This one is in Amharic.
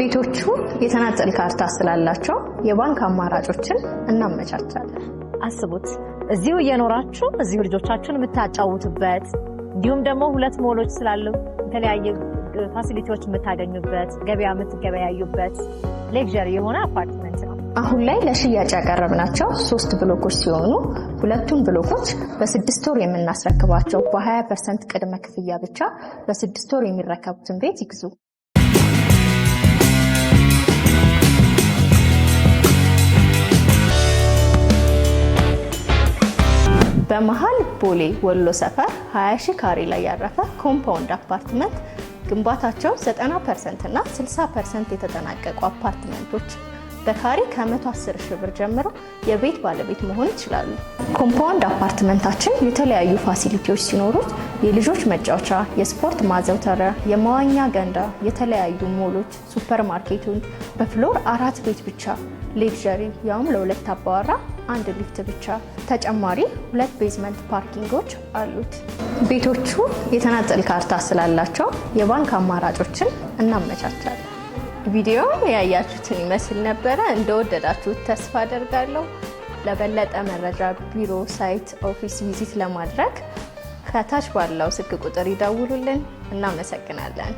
ቤቶቹ የተናጠል ካርታ ስላላቸው የባንክ አማራጮችን እናመቻቻለን። አስቡት እዚሁ እየኖራችሁ እዚሁ ልጆቻችሁን የምታጫውቱበት እንዲሁም ደግሞ ሁለት ሞሎች ስላሉ የተለያየ ፋሲሊቲዎች የምታገኙበት ገበያ የምትገበያዩበት ሌክዠሪ የሆነ አፓርትመንት ነው። አሁን ላይ ለሽያጭ ያቀረብናቸው ሶስት ብሎኮች ሲሆኑ ሁለቱም ብሎኮች በስድስት ወር የምናስረክባቸው በ20 ፐርሰንት ቅድመ ክፍያ ብቻ በስድስት ወር የሚረከቡትን ቤት ይግዙ። በመሀል ቦሌ ወሎ ሰፈር 20 ሺህ ካሬ ላይ ያረፈ ኮምፓውንድ አፓርትመንት ግንባታቸው 90 ፐርሰንት እና 60 ፐርሰንት የተጠናቀቁ አፓርትመንቶች በካሬ ከ110 ሺ ብር ጀምሮ የቤት ባለቤት መሆን ይችላሉ። ኮምፓውንድ አፓርትመንታችን የተለያዩ ፋሲሊቲዎች ሲኖሩት የልጆች መጫወቻ፣ የስፖርት ማዘውተሪያ፣ የመዋኛ ገንዳ፣ የተለያዩ ሞሎች፣ ሱፐር በፍሎር አራት ቤት ብቻ ሌክዠሪ ያውም ለሁለት አባወራ አንድ ሊፍት ብቻ ተጨማሪ ሁለት ቤዝመንት ፓርኪንጎች አሉት። ቤቶቹ የተናጠል ካርታ ስላላቸው የባንክ አማራጮችን እናመቻቻለን። ቪዲዮ ያያችሁትን ይመስል ነበረ። እንደወደዳችሁት ተስፋ አደርጋለሁ። ለበለጠ መረጃ ቢሮ፣ ሳይት፣ ኦፊስ ቪዚት ለማድረግ ከታች ባለው ስልክ ቁጥር ይደውሉልን። እናመሰግናለን።